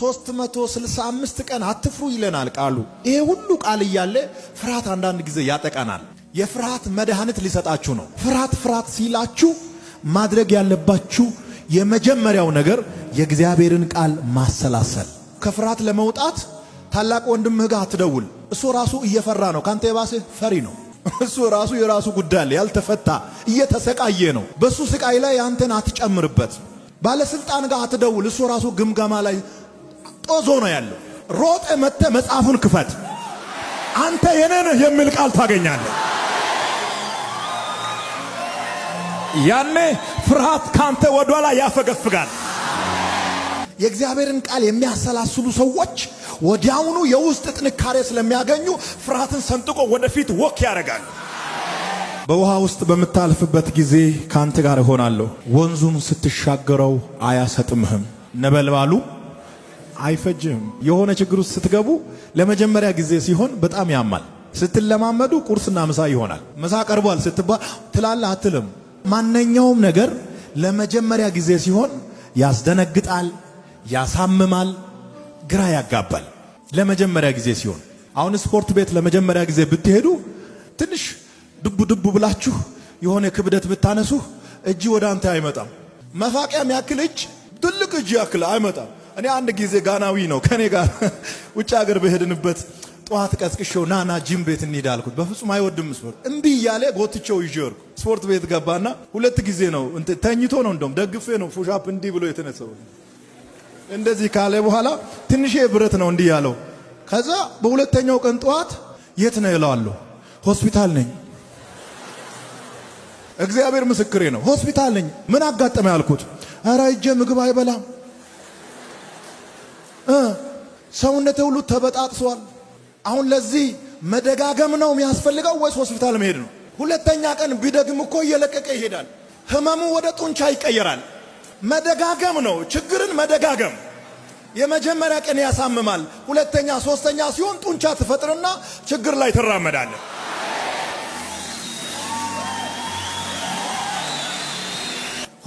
365 ቀን አትፍሩ ይለናል ቃሉ። ይሄ ሁሉ ቃል እያለ ፍርሃት አንዳንድ ጊዜ ያጠቃናል። የፍርሃት መድኃኒት ሊሰጣችሁ ነው። ፍርሃት ፍርሃት ሲላችሁ ማድረግ ያለባችሁ የመጀመሪያው ነገር የእግዚአብሔርን ቃል ማሰላሰል። ከፍርሃት ለመውጣት ታላቅ ወንድምህ ጋር አትደውል። እሱ ራሱ እየፈራ ነው። ካንተ የባሰ ፈሪ ነው። እሱ ራሱ የራሱ ጉዳይ አለ፣ ያልተፈታ እየተሰቃየ ነው። በሱ ስቃይ ላይ አንተን አትጨምርበት። ባለስልጣን ጋር አትደውል። እሱ ራሱ ግምገማ ላይ ጦዞ ነው ያለው። ሮጠ መጥተ መጽሐፉን ክፈት፣ አንተ የኔ ነህ የሚል ቃል ታገኛለህ። ያኔ ፍርሃት ካንተ ወደኋላ ያፈገፍጋል። የእግዚአብሔርን ቃል የሚያሰላስሉ ሰዎች ወዲያውኑ የውስጥ ጥንካሬ ስለሚያገኙ ፍርሃትን ሰንጥቆ ወደፊት ወክ ያደርጋሉ። በውሃ ውስጥ በምታልፍበት ጊዜ ከአንተ ጋር እሆናለሁ፣ ወንዙም ስትሻገረው አያሰጥምህም፣ ነበልባሉ አይፈጅህም። የሆነ ችግር ውስጥ ስትገቡ ለመጀመሪያ ጊዜ ሲሆን በጣም ያማል። ስትለማመዱ ቁርስና ምሳ ይሆናል። ምሳ ቀርቧል ስትባል ትላለህ አትልም። ማንኛውም ነገር ለመጀመሪያ ጊዜ ሲሆን ያስደነግጣል፣ ያሳምማል፣ ግራ ያጋባል። ለመጀመሪያ ጊዜ ሲሆን አሁን ስፖርት ቤት ለመጀመሪያ ጊዜ ብትሄዱ ትንሽ ድቡ ድቡ ብላችሁ የሆነ ክብደት ብታነሱ እጅ ወደ አንተ አይመጣም። መፋቂያም ያክል እጅ ትልቅ እጅ ያክል አይመጣም። እኔ አንድ ጊዜ ጋናዊ ነው ከኔ ጋር ውጭ ሀገር በሄድንበት ጠዋት ቀስቅሼው ናና ጂም ቤት እንሂድ አልኩት። በፍጹም አይወድም ስፖርት። እምቢ እያለ ጎትቼው ይዤው ስፖርት ቤት ገባና ሁለት ጊዜ ነው ተኝቶ ነው እንደውም ደግፌ ነው ፉሻፕ እንዲህ ብሎ የተነሳው። እንደዚህ ካለ በኋላ ትንሽ ብረት ነው እንዲህ ያለው። ከዛ በሁለተኛው ቀን ጠዋት የት ነው እለዋለሁ። ሆስፒታል ነኝ። እግዚአብሔር ምስክሬ ነው። ሆስፒታል ነኝ። ምን አጋጠመ ያልኩት ኧረ እጀ ምግብ አይበላም ሰውነቴ ሁሉ ተበጣጥሷል። አሁን ለዚህ መደጋገም ነው የሚያስፈልገው ወይስ ሆስፒታል መሄድ ነው? ሁለተኛ ቀን ቢደግም እኮ እየለቀቀ ይሄዳል። ህመሙ ወደ ጡንቻ ይቀየራል። መደጋገም ነው ችግርን መደጋገም። የመጀመሪያ ቀን ያሳምማል። ሁለተኛ ሶስተኛ ሲሆን ጡንቻ ትፈጥርና ችግር ላይ ትራመዳለህ።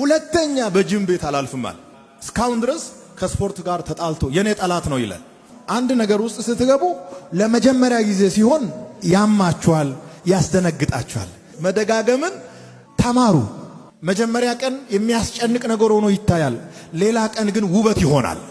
ሁለተኛ በጅም ቤት አላልፍማል እስካሁን ድረስ ከስፖርት ጋር ተጣልቶ የኔ ጠላት ነው ይላል። አንድ ነገር ውስጥ ስትገቡ ለመጀመሪያ ጊዜ ሲሆን ያማችኋል፣ ያስደነግጣችኋል። መደጋገምን ተማሩ። መጀመሪያ ቀን የሚያስጨንቅ ነገር ሆኖ ይታያል። ሌላ ቀን ግን ውበት ይሆናል።